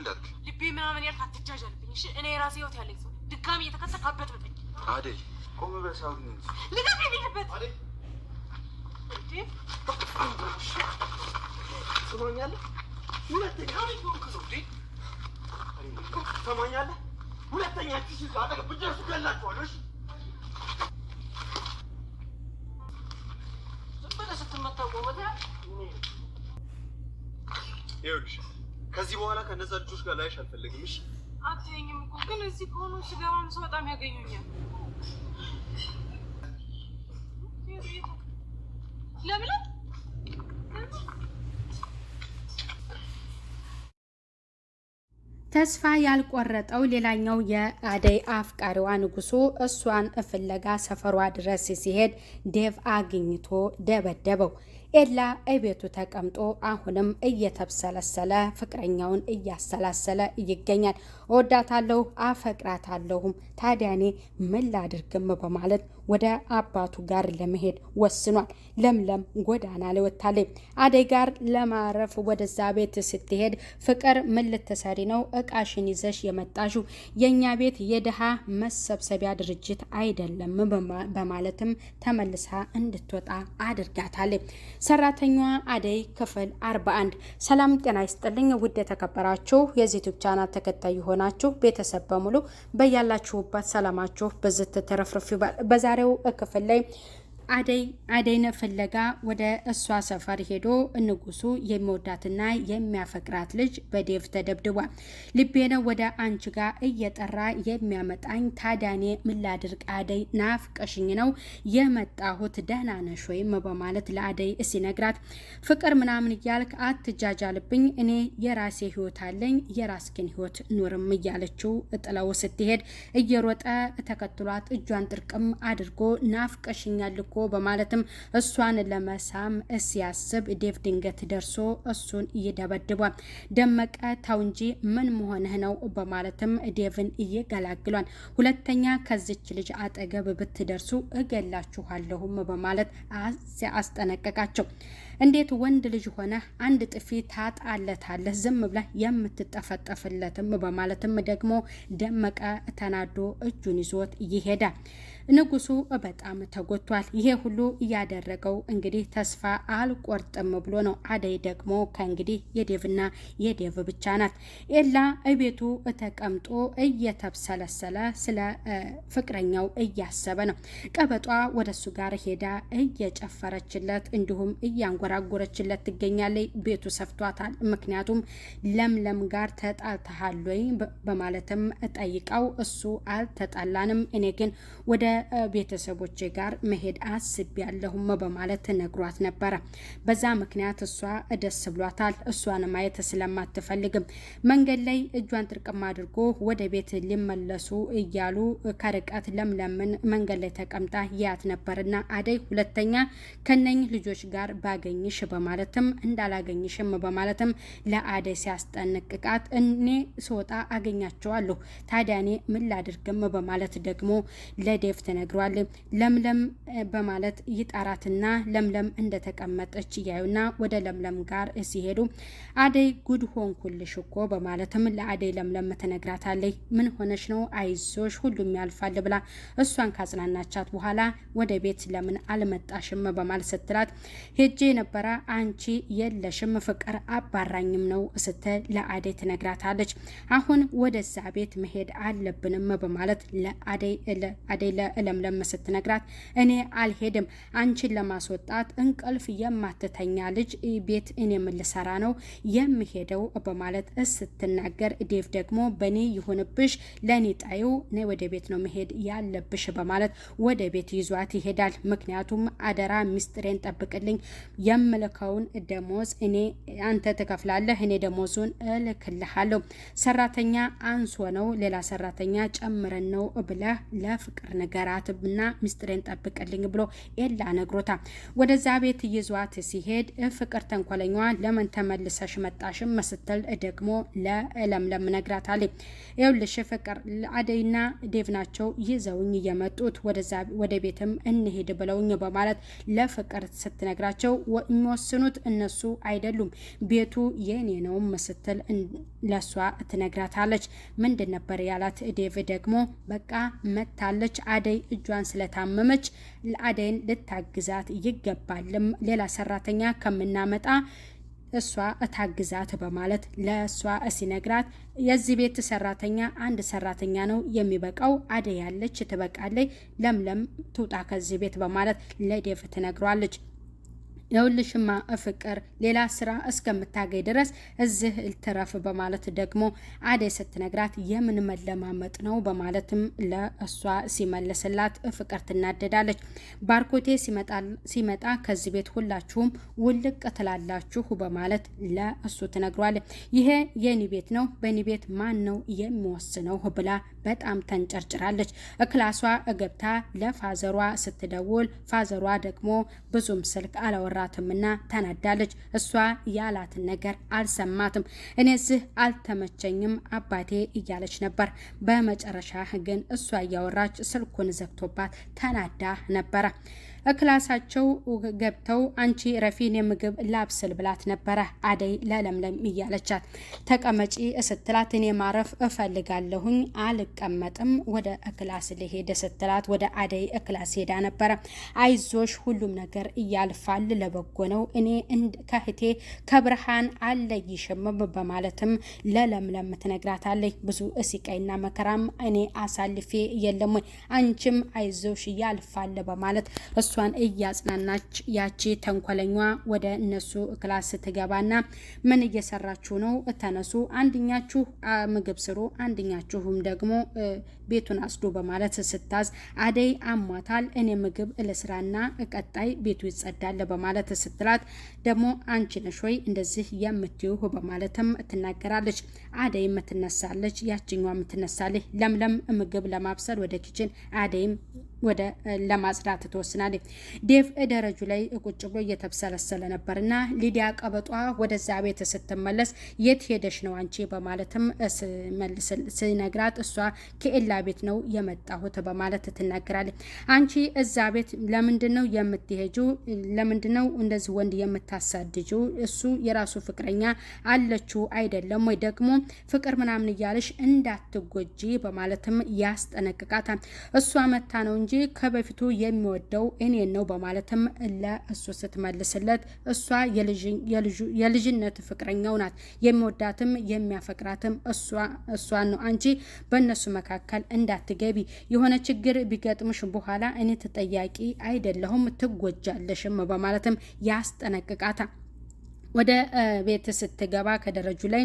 ምን ልቤ ምናምን ያልክ አትጃጃልብኝ እሺ። እኔ የራሴ ህይወት ያለኝ ሰው ድጋሚ እየተከተልክ አበጥብጠኝ። አደይ ቆም ብለህ ሳይሆን ልቀቅ ሁለተኛ ሁለተኛ ስትመታ ከዚህ በኋላ ከነዛ ልጆች ጋር ላይሽ አልፈልግም። እሺ አትይኝም እኮ ግን እዚህ ከሆኑ ስገባም ሰው በጣም ያገኙኛል። ለምን ተስፋ ያልቆረጠው ሌላኛው የአደይ አፍቃሪዋ ንጉሱ እሷን ፍለጋ ሰፈሯ ድረስ ሲሄድ ዴቭ አግኝቶ ደበደበው። ኤላ እቤቱ ተቀምጦ አሁንም እየተብሰለሰለ ፍቅረኛውን እያሰላሰለ ይገኛል። እወዳታለሁ፣ አፈቅራታለሁም ታዲያ እኔ ምን ላድርግም በማለት ወደ አባቱ ጋር ለመሄድ ወስኗል። ለምለም ጎዳና ላይ ወጥታለች። አደይ ጋር ለማረፍ ወደዛ ቤት ስትሄድ ፍቅር ምን ልትሰሪ ነው እቃሽን ይዘሽ የመጣሹ የእኛ ቤት የድሃ መሰብሰቢያ ድርጅት አይደለም በማለትም ተመልሳ እንድትወጣ አድርጋታለች። ሰራተኛዋ አደይ ክፍል 41 ሰላም ጤና ይስጥልኝ ውድ የተከበራችሁ የዩቲዩብ ቻናል ተከታይ የሆናችሁ ቤተሰብ በሙሉ በያላችሁበት ሰላማችሁ ብዝት ተረፍርፍ በዛሬ በዛሬው ክፍል ላይ አደይ አደይን ፍለጋ ወደ እሷ ሰፈር ሄዶ ንጉሱ የሚወዳትና የሚያፈቅራት ልጅ በዴቭ ተደብድቧል። ልቤ ነው ወደ አንቺ ጋር እየጠራ የሚያመጣኝ ታዳኔ ምላድርቅ አደይ ናፍቀሽኝ ነው የመጣሁት ደህና ነሽ ወይም በማለት ለአደይ ሲነግራት ፍቅር ምናምን እያልክ አትጃጃልብኝ፣ እኔ የራሴ ህይወት አለኝ የራስክን ህይወት ኑርም እያለችው ጥለው ስትሄድ እየሮጠ ተከትሏት እጇን ጥርቅም አድርጎ ናፍቀሽኛል እኮ በማለትም እሷን ለመሳም ሲያስብ ዴቭ ድንገት ደርሶ እሱን ይደበድቧል። ደመቀ ተው እንጂ ምን መሆንህ ነው በማለትም ዴቭን እየገላግሏል። ሁለተኛ ከዚች ልጅ አጠገብ ብትደርሱ እገላችኋለሁም በማለት አስጠነቀቃቸው። እንዴት ወንድ ልጅ ሆነ አንድ ጥፊ ታጣለታለህ ዝም ብላ የምትጠፈጠፍለትም? በማለትም ደግሞ ደመቀ ተናዶ እጁን ይዞት ይሄዳል። ንጉሱ በጣም ተጎቷል ይሄ ሁሉ እያደረገው እንግዲህ ተስፋ አልቆርጥም ብሎ ነው። አደይ ደግሞ ከእንግዲህ የዴቭና የዴቭ ብቻ ናት። ኤላ እቤቱ ተቀምጦ እየተብሰለሰለ ስለ ፍቅረኛው እያሰበ ነው። ቀበጧ ወደሱ ጋር ሄዳ እየጨፈረችለት እንዲሁም እያንጎ እየተንጎራጎረችለት ትገኛለች። ቤቱ ሰፍቷታል። ምክንያቱም ለምለም ጋር ተጣልተሃል ወይ በማለትም ጠይቃው እሱ አልተጣላንም፣ እኔ ግን ወደ ቤተሰቦች ጋር መሄድ አስቤያለሁም በማለት ነግሯት ነበረ። በዛ ምክንያት እሷ ደስ ብሏታል። እሷን ማየት ስለማትፈልግም መንገድ ላይ እጇን ጥርቅም አድርጎ ወደ ቤት ሊመለሱ እያሉ ከርቀት ለምለምን መንገድ ላይ ተቀምጣ ያት ነበርና አደይ ሁለተኛ ከነኝ ልጆች ጋር ባገኝ እንዳላገኝሽ በማለትም እንዳላገኝሽም በማለትም ለአደይ ሲያስጠነቅቃት እኔ ስወጣ አገኛቸዋለሁ ታዲያ እኔ ምን ላድርግም በማለት ደግሞ ለዴቭ ተነግሯል። ለምለም በማለት ይጠራትና ለምለም እንደተቀመጠች እያዩና ወደ ለምለም ጋር ሲሄዱ አደይ ጉድ ሆንኩልሽ እኮ በማለትም ለአደይ ለምለም ተነግራታለች። ምን ሆነሽ ነው? አይዞሽ ሁሉም ያልፋል ብላ እሷን ካጽናናቻት በኋላ ወደ ቤት ለምን አልመጣሽም በማለት ስትላት ሄጄ ነበረ። አንቺ የለሽም ፍቅር አባራኝም ነው ስትል ለአደይ ትነግራታለች። አሁን ወደዛ ቤት መሄድ አለብንም በማለት ለአደይ ለእለምለም ስትነግራት እኔ አልሄድም፣ አንቺን ለማስወጣት እንቅልፍ የማትተኛ ልጅ ቤት እኔ የምልሰራ ነው የምሄደው በማለት ስትናገር፣ ዴቭ ደግሞ በእኔ ይሁንብሽ ለእኔ ጣዩ ነይ ወደ ቤት ነው መሄድ ያለብሽ በማለት ወደ ቤት ይዟት ይሄዳል። ምክንያቱም አደራ ሚስጥሬን ጠብቅልኝ የምልከውን ደሞዝ እኔ አንተ ትከፍላለህ፣ እኔ ደሞዙን እልክልሃለሁ። ሰራተኛ አንሶ ነው ሌላ ሰራተኛ ጨምረን ነው ብለህ ለፍቅር ንገራት እና ሚስጥሬን ጠብቅልኝ ብሎ ኤላ ነግሮታ ወደዛ ቤት ይዟት ሲሄድ ፍቅር ተንኮለኛዋ ለምን ተመልሰሽ መጣሽም መስትል ደግሞ ለለምለም ነግራት አለ ይኸውልሽ ፍቅር አደይና ዴቭ ናቸው ይዘውኝ እየመጡት ወደ ቤትም እንሄድ ብለውኝ በማለት ለፍቅር ስትነግራቸው የሚወስኑት እነሱ አይደሉም፣ ቤቱ የኔ ነው ስትል ለሷ ትነግራታለች። ምንድን ነበር ያላት? ዴቭ ደግሞ በቃ መታለች፣ አደይ እጇን ስለታመመች አደይን ልታግዛት ይገባልም ሌላ ሰራተኛ ከምናመጣ እሷ እታግዛት በማለት ለእሷ ሲነግራት የዚህ ቤት ሰራተኛ አንድ ሰራተኛ ነው የሚበቃው፣ አደይ ያለች ትበቃለች፣ ለምለም ትውጣ ከዚህ ቤት በማለት ለዴቭ ትነግሯለች። የሁልሽማ ፍቅር ሌላ ስራ እስከምታገኝ ድረስ እዚህ ልትረፍ በማለት ደግሞ አደይ ስትነግራት የምን መለማመጥ ነው በማለትም ለእሷ ሲመልስላት ፍቅር ትናደዳለች። ባርኮቴ ሲመጣ ከዚህ ቤት ሁላችሁም ውልቅ ትላላችሁ በማለት ለእሱ ትነግሯለች። ይሄ የኒ ቤት ነው፣ በኒ ቤት ማን ነው የሚወስነው ብላ በጣም ተንጨርጭራለች። እክላሷ ገብታ ለፋዘሯ ስትደውል ፋዘሯ ደግሞ ብዙም ስልክ አላወራ አላወራትምና ተናዳለች። እሷ ያላትን ነገር አልሰማትም። እኔስህ አልተመቸኝም አባቴ እያለች ነበር። በመጨረሻ ግን እሷ እያወራች ስልኩን ዘግቶባት ተናዳ ነበረ። እክላሳቸው ገብተው አንቺ ረፊን የምግብ ላብስል ብላት ነበረ። አደይ ለለምለም እያለቻት ተቀመጪ ስትላት እኔ ማረፍ እፈልጋለሁኝ አልቀመጥም ወደ እክላስ ልሄድ ስትላት ወደ አደይ እክላስ ሄዳ ነበረ። አይዞሽ ሁሉም ነገር እያልፋል ለበጎ ነው እኔ ከህቴ ከብርሃን አለይሽም በማለትም ለለምለም ትነግራታለች። ብዙ ሲቃይና መከራም እኔ አሳልፌ የለም አንቺም አይዞሽ እያልፋል በማለት እሷን እያጽናናች ያቺ ተንኮለኛ ወደ እነሱ ክላስ ትገባና ምን እየሰራችሁ ነው? ተነሱ፣ አንድኛችሁ ምግብ ስሩ፣ አንድኛችሁም ደግሞ ቤቱን አስዱ በማለት ስታዝ አደይ አሟታል፣ እኔ ምግብ ልስራና ቀጣይ ቤቱ ይጸዳል በማለት ስትላት ደግሞ አንቺ ነሽ ወይ እንደዚህ የምትይው በማለትም ትናገራለች። አደይ የምትነሳለች፣ ያችኛዋ የምትነሳለች። ለምለም ምግብ ለማብሰል ወደ ኪችን አደይም ወደ ለማጽዳት ትወስናለች። ዴቭ ደረጁ ላይ ቁጭ ብሎ እየተብሰለሰለ ነበር እና ሊዲያ ቀበጧ ወደዛ ቤት ስትመለስ የት ሄደሽ ነው አንቺ በማለትም ስነግራት እሷ ከኤላ ቤት ነው የመጣሁት በማለት ትናገራለች። አንቺ እዛ ቤት ለምንድን ነው የምትሄጁ? ለምንድን ነው እንደዚህ ወንድ የምታሳድጁ? እሱ የራሱ ፍቅረኛ አለችው አይደለም ወይ ደግሞ ፍቅር ምናምን እያለሽ እንዳትጎጂ በማለትም ያስጠነቅቃታል። እሷ መታ ነው እንጂ እንጂ ከበፊቱ የሚወደው እኔን ነው በማለትም ለእሱ ስትመልስለት እሷ የልጅነት ፍቅረኛው ናት፣ የሚወዳትም የሚያፈቅራትም እሷ ነው። አንቺ በእነሱ መካከል እንዳትገቢ፣ የሆነ ችግር ቢገጥምሽ በኋላ እኔ ተጠያቂ አይደለሁም፣ ትጎጃለሽም በማለትም ያስጠነቅቃታ ወደ ቤት ስትገባ ከደረጁ ላይ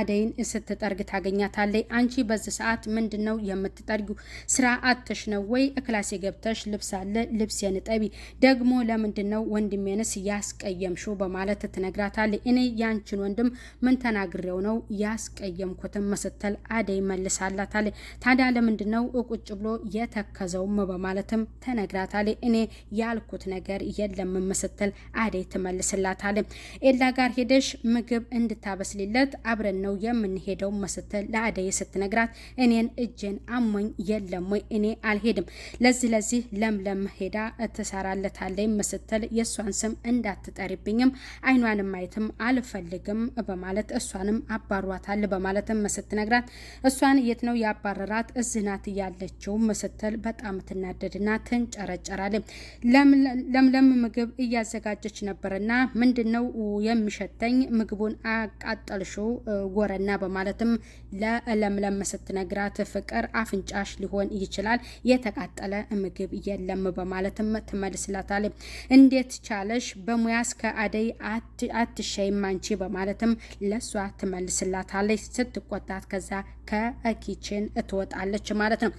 አደይን ስትጠርግ ታገኛታለች። አንቺ በዚህ ሰዓት ምንድን ነው የምትጠርጊው? ስራ አጥተሽ ነው ወይ? እክላስ የገብተሽ ልብስ አለ ልብስ የንጠቢ ደግሞ ለምንድን ነው ወንድሜንስ ያስቀየምሽው? በማለት ትነግራታለች። እኔ ያንቺን ወንድም ምን ተናግሬው ነው ያስቀየምኩትን? መስተል አደይ መልሳላታለች። ታዲያ ለምንድን ነው ቁጭ ብሎ የተከዘውም? በማለትም ተነግራታለች። እኔ ያልኩት ነገር የለም መስተል አደይ ትመልስላታለች። ኤላ ጋር ሄደሽ ምግብ እንድታበስልለት አብረን ነው የምንሄደው መስትል ለአደይ ስትነግራት እኔን እጄን አሞኝ የለም ወይ እኔ አልሄድም፣ ለዚህ ለዚህ ለምለም ሄዳ ትሰራለታለይ መስትል የእሷን ስም እንዳትጠሪብኝም አይኗንም ማየትም አልፈልግም በማለት እሷንም አባሯታል በማለትም ስትነግራት እሷን የት ነው ያባረራት እዚህ ናት ያለችው በጣም ትናደድና ትንጨረጨራል ለምለም ምግብ እያዘጋጀች ነበርና ምንድን ነው የሚሸተኝ ምግቡን አቃጠልሽው ጎረና በማለትም ለለምለም ስትነግራት ፍቅር አፍንጫሽ ሊሆን ይችላል የተቃጠለ ምግብ የለም በማለትም ትመልስላታለች። እንዴት ቻለሽ በሙያስ ከአደይ አትሸይም አንቺ በማለትም ለሷ ትመልስላታለች ስትቆጣት። ከዛ ከኪችን ትወጣለች ማለት ነው።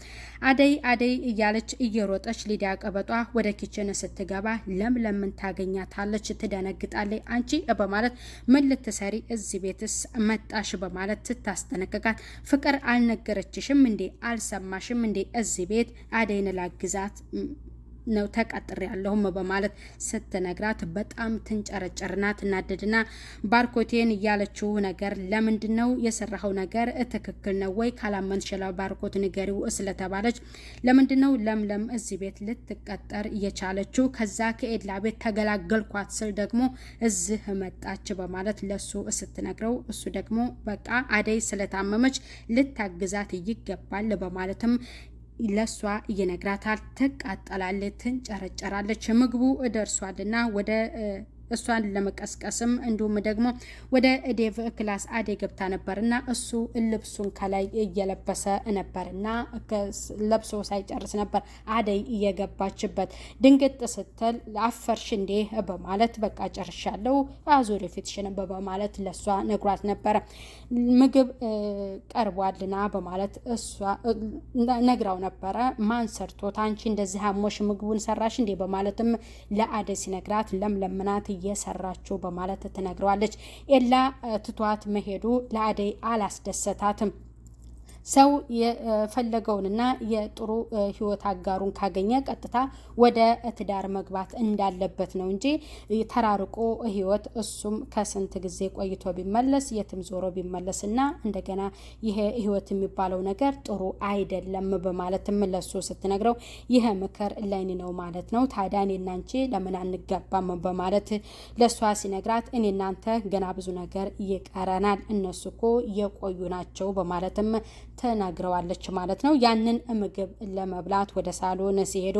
አደይ አደይ እያለች እየሮጠች ሊዲያ ቀበጧ ወደ ኪችን ስትገባ ለምለምን ታገኛታለች። ትደነግጣለች። አንቺ በማለት ምን ልትሰሪ እዚህ ቤትስ መጣሽ በማለት ስታስጠነቅቃት ፍቅር አልነገረችሽም እንዴ? አልሰማሽም እንዴ? እዚህ ቤት አደይን ላግዛት ነው ተቀጥሬ ያለሁም በማለት ስትነግራት በጣም ትንጨረጨርና ትናደድና ባርኮቴን እያለችው ነገር ለምንድን ነው የሰራኸው ነገር ትክክል ነው ወይ ካላመንሽ ባርኮት ንገሪው ስለተባለች ለምንድን ነው ለምለም እዚህ ቤት ልትቀጠር እየቻለችው ከዛ ከኤድላ ቤት ተገላገልኳት ስል ደግሞ እዚህ መጣች በማለት ለሱ ስትነግረው እሱ ደግሞ በቃ አደይ ስለታመመች ልታግዛት ይገባል በማለትም ለሷ ይነግራታል። ትቃጠላለች፣ ትንጨረጨራለች። ምግቡ ደርሷልና ወደ እሷን ለመቀስቀስም እንዲሁም ደግሞ ወደ ዴቭ ክላስ አዴ ገብታ ነበርና እሱ ልብሱን ከላይ እየለበሰ ነበርና ለብሶ ሳይጨርስ ነበር አደይ እየገባችበት። ድንግጥ ስትል አፈርሽ እንዴ በማለት በቃ ጨርሻለሁ፣ አዙሪ ፊትሽን በማለት ነግሯት ነበረ። ምግብ ቀርቧልና በማለት እሷ ነግራው ነበረ። ማን ሰርቶት አንቺ እንደዚህ አሞሽ ምግቡን ሰራሽ እንዴ? በማለትም ለአደይ ሲነግራት ለምለምናት እየሰራችው በማለት ትነግረዋለች። ኤላ ትቷት መሄዱ ለአደይ አላስደሰታትም። ሰው የፈለገውንና የጥሩ ህይወት አጋሩን ካገኘ ቀጥታ ወደ ትዳር መግባት እንዳለበት ነው እንጂ ተራርቆ ህይወት እሱም ከስንት ጊዜ ቆይቶ ቢመለስ የትም ዞሮ ቢመለስና እንደገና ይሄ ህይወት የሚባለው ነገር ጥሩ አይደለም በማለትም ለሱ ስትነግረው ይሄ ምክር ለእኔ ነው ማለት ነው። ታዲያ እኔና አንቺ ለምን አንገባም በማለት ለእሷ ሲነግራት እኔ እናንተ ገና ብዙ ነገር ይቀረናል፣ እነሱ እኮ የቆዩ ናቸው በማለትም ተናግረዋለች ማለት ነው። ያንን ምግብ ለመብላት ወደ ሳሎን ሲሄዱ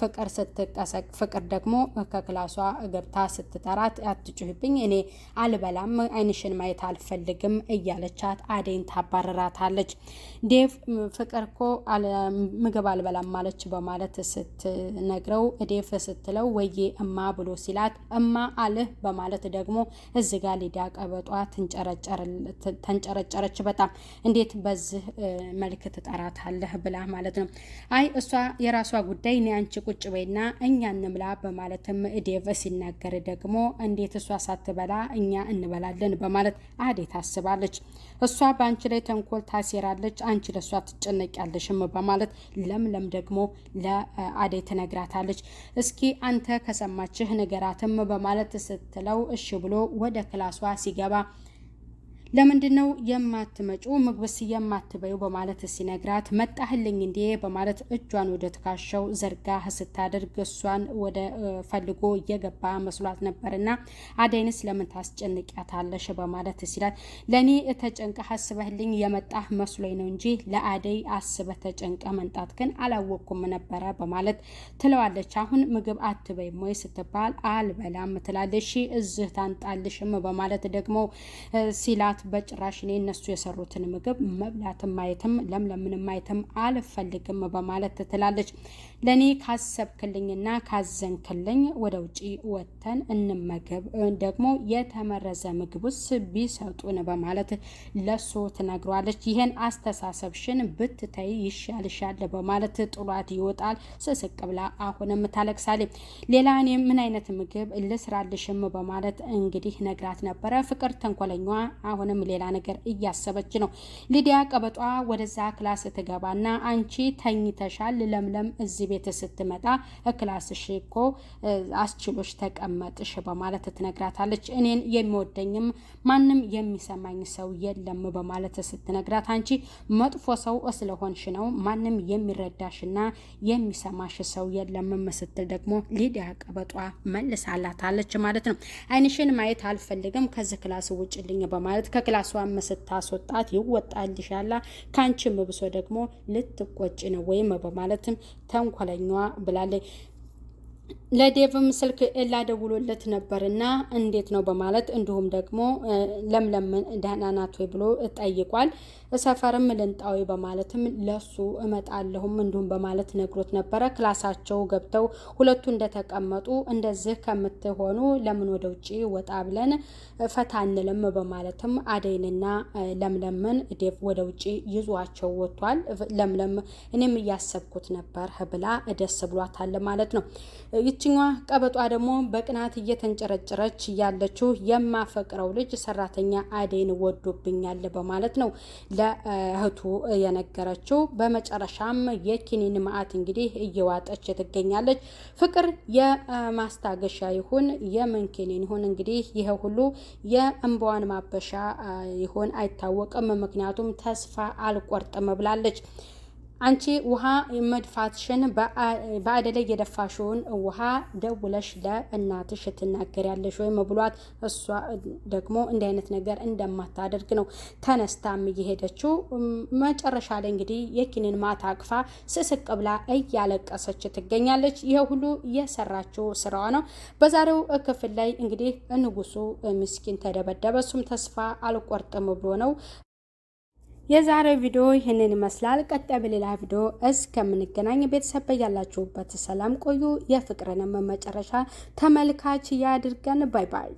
ፍቅር ስትቀሰቅ ፍቅር ደግሞ ከክላሷ ገብታ ስትጠራት አትጩህብኝ፣ እኔ አልበላም፣ አይንሽን ማየት አልፈልግም እያለቻት አደይን ታባረራታለች። ዴቭ ፍቅር እኮ ምግብ አልበላም ማለች በማለት ስትነግረው ዴቭ ስትለው ወዬ እማ ብሎ ሲላት እማ አልህ በማለት ደግሞ እዚጋ ሊዳ ቀበጧ ተንጨረጨረች። በጣም እንዴት በዚህ መልክ ትጠራታለህ ብላ ማለት ነው። አይ እሷ የራሷ ጉዳይ እኔ አንቺ ቁጭ በይና እኛ እንብላ በማለትም ዴቭ ሲናገር ደግሞ እንዴት እሷ ሳትበላ እኛ እንበላለን በማለት አዴ ታስባለች። እሷ በአንቺ ላይ ተንኮል ታሴራለች፣ አንቺ ለእሷ ትጨነቂያለሽም በማለት ለምለም ደግሞ ለአዴ ትነግራታለች። እስኪ አንተ ከሰማችህ ንገራትም በማለት ስትለው እሺ ብሎ ወደ ክላሷ ሲገባ ለምንድን ነው የማትመጩ ምግብስ የማትበዩ? በማለት ሲነግራት መጣህልኝ እንዴ? በማለት እጇን ወደ ትከሻው ዘርጋ ስታደርግ እሷን ወደ ፈልጎ እየገባ መስሏት ነበርና አደይንስ ለምን ታስጨንቂያታለሽ? በማለት ሲላት ለእኔ ተጨንቀ አስበህልኝ የመጣህ መስሎኝ ነው እንጂ ለአደይ አስበ ተጨንቀ መንጣት ግን አላወቅኩም ነበረ በማለት ትለዋለች። አሁን ምግብ አትበይም ወይ ስትባል አልበላም ትላለሽ፣ እዚህ ታንጣልሽም በማለት ደግሞ ሲላት እናት በጭራሽ እኔ እነሱ የሰሩትን ምግብ መብላትም ማየትም ለምለምንም ማየትም አልፈልግም በማለት ትላለች። ለእኔ ካሰብክልኝና ካዘንክልኝ ወደ ውጪ ወጥተን እንመገብ፣ ደግሞ የተመረዘ ምግብ ቢሰጡን በማለት ለሱ ትነግሯለች። ይህን አስተሳሰብሽን ብትተይ ይሻልሻል በማለት ጥሏት ይወጣል። ስስቅ ብላ አሁንም ታለቅሳለች። ሌላ እኔ ምን አይነት ምግብ ልስራልሽም በማለት እንግዲህ ነግራት ነበረ። ፍቅር ተንኮለኛዋ አሁን አሁንም ሌላ ነገር እያሰበች ነው። ሊዲያ ቀበጧ ወደዛ ክላስ ትገባና አንቺ ተኝተሻል፣ ለምለም እዚህ ቤት ስትመጣ ክላስሽ እኮ አስችሎሽ ተቀመጥሽ በማለት ትነግራታለች። እኔን የሚወደኝም ማንም የሚሰማኝ ሰው የለም በማለት ስትነግራት አንቺ መጥፎ ሰው ስለሆንሽ ነው ማንም የሚረዳሽና የሚሰማሽ ሰው የለም ስትል ደግሞ ሊዲያ ቀበጧ መልሳላታለች ማለት ነው። አይንሽን ማየት አልፈልግም ከዚህ ክላስ ውጭልኝ በማለት ከክላሷም ስታስወጣት ይወጣልሻላ፣ ከአንቺም ብሶ ደግሞ ልትቆጭ ነው ወይም በማለትም ተንኮለኛዋ ብላለች። ለዴቭም ስልክ ላደውሎለት ነበር እና እንዴት ነው በማለት እንዲሁም ደግሞ ለምለም ደህና ናት ወይ ብሎ ጠይቋል። ሰፈርም ልንጣዊ በማለትም ለሱ እመጣለሁም እንዲሁም በማለት ነግሮት ነበረ። ክላሳቸው ገብተው ሁለቱ እንደተቀመጡ እንደዚህ ከምትሆኑ ለምን ወደ ውጭ ወጣ ብለን ፈታ አንልም በማለትም አደይንና ለምለምን ዴቭ ወደ ውጭ ይዟቸው ወጥቷል። ለምለም እኔም እያሰብኩት ነበር ብላ ደስ ብሏታል ማለት ነው። ይችኛዋ ቀበጧ ደግሞ በቅናት እየተንጨረጨረች ያለችው የማፈቅረው ልጅ ሰራተኛ አደይን ወዶብኛል በማለት ነው ለእህቱ የነገረችው። በመጨረሻም የኪኒን መዓት እንግዲህ እየዋጠች ትገኛለች። ፍቅር የማስታገሻ ይሁን የምን ኪኒን ይሁን እንግዲህ ይሄ ሁሉ የእንባዋን ማበሻ ይሁን አይታወቅም። ምክንያቱም ተስፋ አልቆርጥም ብላለች። አንቺ ውሃ መድፋትሽን በአደላይ የደፋሽውን ውሃ ደውለሽ ለእናትሽ ትናገሪያለሽ ወይም ብሏት፣ እሷ ደግሞ እንዲህ አይነት ነገር እንደማታደርግ ነው ተነስታም እየሄደችው። መጨረሻ ላይ እንግዲህ የኪንን ማታ አቅፋ ስስቅ ብላ እያለቀሰች ትገኛለች። ይህ ሁሉ የሰራችው ስራዋ ነው። በዛሬው ክፍል ላይ እንግዲህ ንጉሱ ምስኪን ተደበደበ። እሱም ተስፋ አልቆርጥም ብሎ ነው የዛሬ ቪዲዮ ይህንን ይመስላል። ቀጣይ በሌላ ቪዲዮ እስከምንገናኝ ቤተሰብ ያላችሁበት ሰላም ቆዩ። የፍቅርንም መጨረሻ ተመልካች ያድርገን። ባይ ባይ።